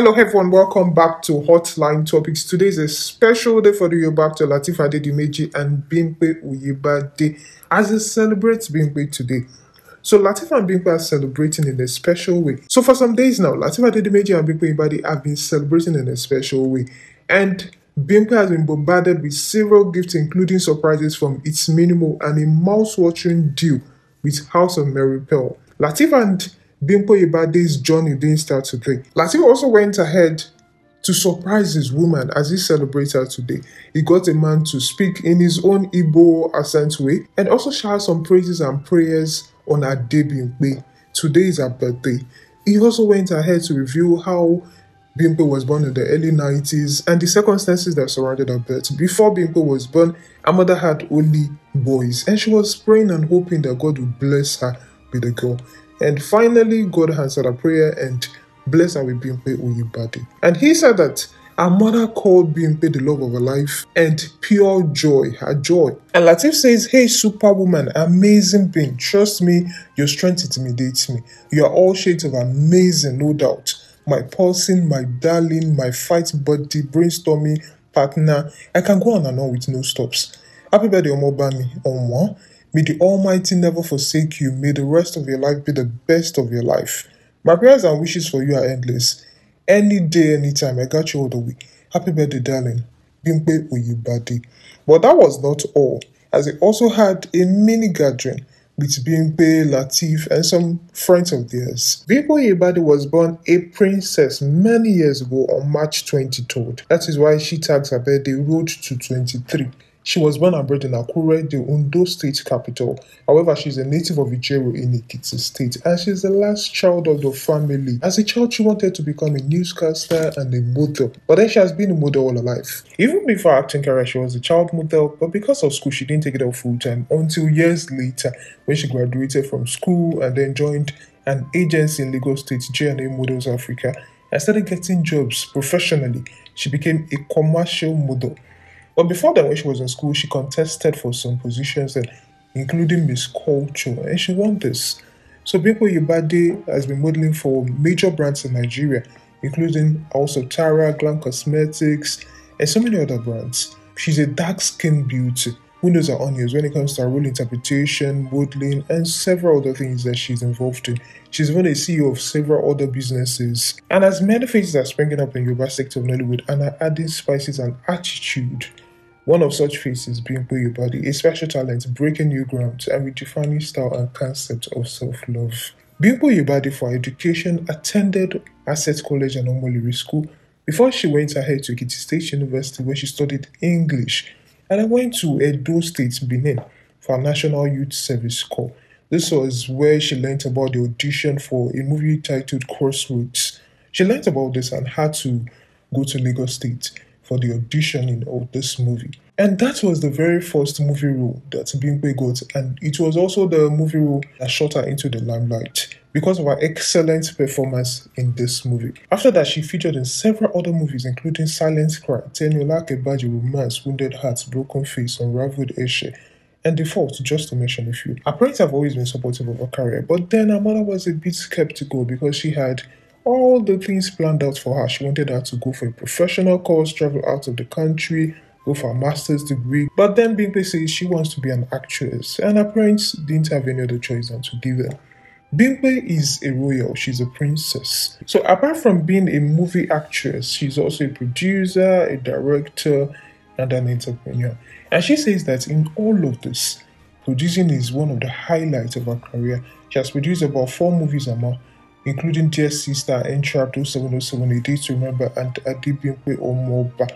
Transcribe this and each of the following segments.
Hello everyone, welcome back to Hotline Topics. Today is a special day for the Yoruba to Latif Adedimeji and Bimpe Uyiba Day as they celebrate Bimpe today. So Latif and Bimpe are celebrating in a special way. So for some days now, Latif Adedimeji and Bimpe Uyiba have been celebrating in a special way. And Bimpe has been bombarded with several gifts including surprises from It's Minimal and a mouse-watching deal with House of Mary Pell. Latif and Bimpo Ibade's journey didn't start today. Latif also went ahead to surprise his woman as he celebrates her today. He got a man to speak in his own Igbo accent way and also shout some praises and prayers on her day Today is her birthday. He also went ahead to reveal how Bimbo was born in the early 90s and the circumstances that surrounded her birth. Before Bimbo was born, her mother had only boys and she was praying and hoping that God would bless her with a girl. And finally, God answered our prayer and blessed our Bimpe Uyibadi. And he said that our mother called Bimpe the love of her life and pure joy, her joy. And Latif says, Hey, superwoman, amazing being. Trust me, your strength intimidates me. You are all shades of amazing, no doubt. My pulsing, my darling, my fight body, brainstorming partner. I can go on and on with no stops. Happy birthday, Omobami. Omo. May the Almighty never forsake you. May the rest of your life be the best of your life. My prayers and wishes for you are endless. Any day, anytime, I got you all the way. Happy birthday, darling. Bimpe Oyibade. But that was not all, as he also had a mini gathering with Bimpe, Latif, and some friends of theirs. Bimpe Oyibade was born a princess many years ago on March 23rd. That is why she tags her birthday Road to 23. She was born and bred in Akure, the Ondo state capital. However, she's a native of Ijero in Ikiti state and she's the last child of the family. As a child, she wanted to become a newscaster and a model, but then she has been a model all her life. Even before acting career, she was a child model, but because of school, she didn't take it up full time until years later when she graduated from school and then joined an agency in Lagos State, j and Models Africa, and started getting jobs professionally. She became a commercial model but before that, when she was in school, she contested for some positions, and including Miss Culture, and she won this. So Bimbo Yubade has been modeling for major brands in Nigeria, including also Tara, Glam Cosmetics, and so many other brands. She's a dark-skinned beauty who knows her onions when it comes to her role interpretation, modeling, and several other things that she's involved in. She's even a CEO of several other businesses and as many faces are springing up in Yoruba sector of Nollywood and are adding spices and attitude one of such feats is being Buyubadi, a special talent breaking new ground and redefining style and concept of self-love. Bimbo Yubadi for education attended Asset College and Omoliri School before she went ahead to Kitty State University where she studied English and then went to Edo State, Benin for a National Youth Service Corps. This was where she learnt about the audition for a movie titled Crossroads. She learnt about this and had to go to Lagos State for the auditioning of this movie. And that was the very first movie role that Bimpe got, and it was also the movie role that shot her into the limelight because of her excellent performance in this movie. After that, she featured in several other movies, including Silence Cry, Tenula Kebaji Romance, Wounded Hearts, Broken Face, Unraveled Eshe, and Default, just to mention a few. Her parents have always been supportive of her career, but then her mother was a bit skeptical because she had all the things planned out for her. She wanted her to go for a professional course, travel out of the country, go for a master's degree. But then Bimpe says she wants to be an actress, and her parents didn't have any other choice than to give her. Bimpe is a royal, she's a princess. So, apart from being a movie actress, she's also a producer, a director, and an entrepreneur. And she says that in all of this, producing is one of the highlights of her career. She has produced about four movies a month, including Dear Sister, Entrap 07078 to remember, and Adibimpe Omoba.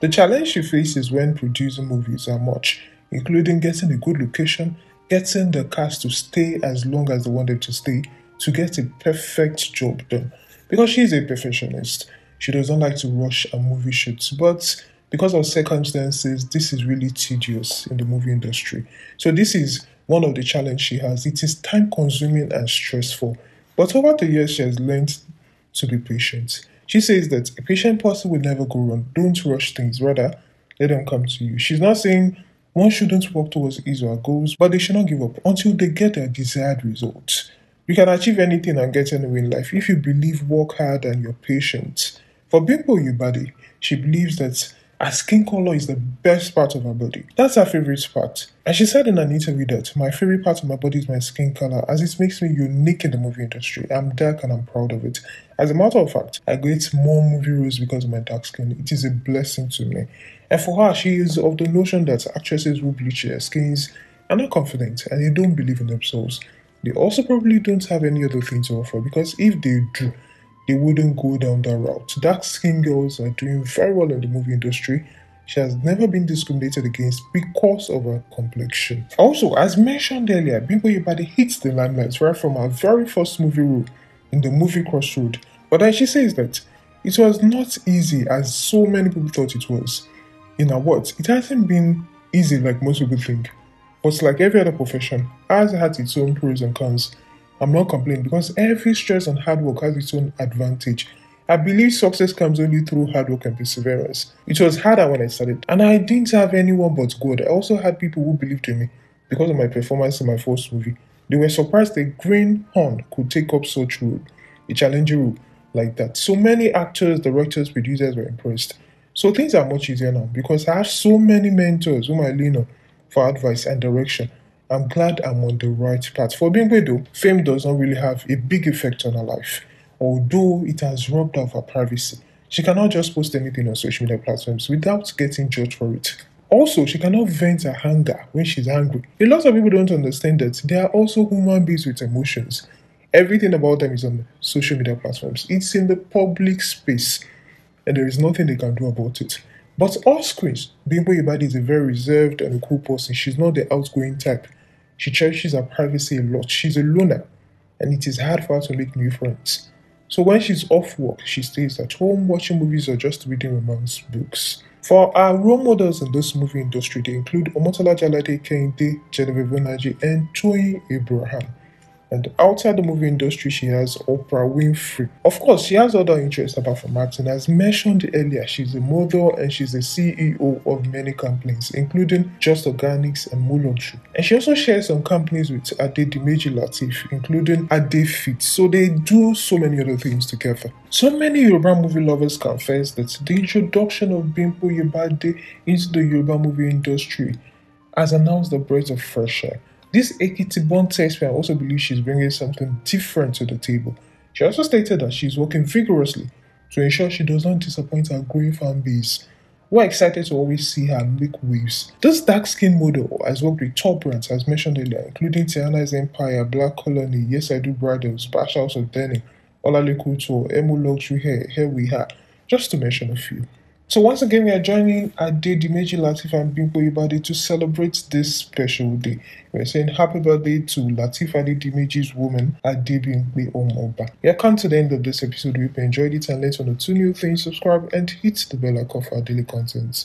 The challenge she faces when producing movies are much, including getting a good location, getting the cast to stay as long as they wanted to stay, to get a perfect job done. Because she is a perfectionist, she doesn't like to rush a movie shoots, but because of circumstances, this is really tedious in the movie industry. So this is one of the challenge she has. It is time consuming and stressful. But over the years, she has learned to be patient. She says that a patient person will never go wrong. Don't rush things, rather, let them come to you. She's not saying one shouldn't work towards his or goals, but they should not give up until they get their desired results. You can achieve anything and get anywhere in life if you believe, work hard, and you're patient. For Bimbo buddy, she believes that her skin color is the best part of her body. That's her favorite part. And she said in an interview that my favorite part of my body is my skin color as it makes me unique in the movie industry. I'm dark and I'm proud of it. As a matter of fact, I get more movie roles because of my dark skin. It is a blessing to me. And for her, she is of the notion that actresses who bleach their skins are not confident and they don't believe in themselves. They also probably don't have any other thing to offer because if they do, they wouldn't go down that route. Dark skinned girls are doing very well in the movie industry. She has never been discriminated against because of her complexion. Also, as mentioned earlier, Bimbo Yebade hits the limelight right from her very first movie role in the movie Crossroad. But then she says that it was not easy as so many people thought it was. In her words, it hasn't been easy like most people think. But like every other profession, has had its own pros and cons. I'm not complaining because every stress and hard work has its own advantage. I believe success comes only through hard work and perseverance. It was harder when I started, and I didn't have anyone but God. I also had people who believed in me because of my performance in my first movie. They were surprised a greenhorn could take up such role, a challenging role like that. So many actors, directors, producers were impressed. So things are much easier now because I have so many mentors whom I lean on for advice and direction. I'm glad I'm on the right path. For being widow, fame does not really have a big effect on her life, although it has robbed her of her privacy. She cannot just post anything on social media platforms without getting judged for it. Also, she cannot vent her anger when she's angry. A lot of people don't understand that they are also human beings with emotions. Everything about them is on social media platforms, it's in the public space, and there is nothing they can do about it. But off screens, Bimbo Ibadi is a very reserved and cool person. She's not the outgoing type. She cherishes her privacy a lot. She's a loner, and it is hard for her to make new friends. So when she's off work, she stays at home watching movies or just reading romance books. For our role models in this movie industry, they include Omotola Jalade Kehinde, Genevieve Onaji, and Toyin Abraham. And outside the movie industry, she has Oprah Winfrey. Of course, she has other interests apart from acting. As mentioned earlier, she's a model and she's the CEO of many companies, including Just Organics and Mulan Tree. And she also shares some companies with Adedimeji Latif, including Fit. So they do so many other things together. So many Yoruba movie lovers confess that the introduction of Bimpo Yobade into the Yoruba movie industry has announced the breath of fresh air. This test, taxpayer also believes she's bringing something different to the table. She also stated that she's working vigorously to ensure she does not disappoint her growing fan base. We're excited to always see her make waves. This dark skinned model has worked with top brands, as mentioned earlier, including Tiana's Empire, Black Colony, Yes I Do Bridals, Bash House of Denny, Olaleku Tour, Emu Luxury Hair, Hair We Are, just to mention a few. So once again, we are joining Ade Dimeji Latif and Bimpo Ibadi to celebrate this special day. We're saying happy birthday to Latif Ade Dimeji's woman, Ade Bimpo Omoba. We have come to the end of this episode. We hope you enjoyed it and let's on the two new things. Subscribe and hit the bell icon for our daily contents.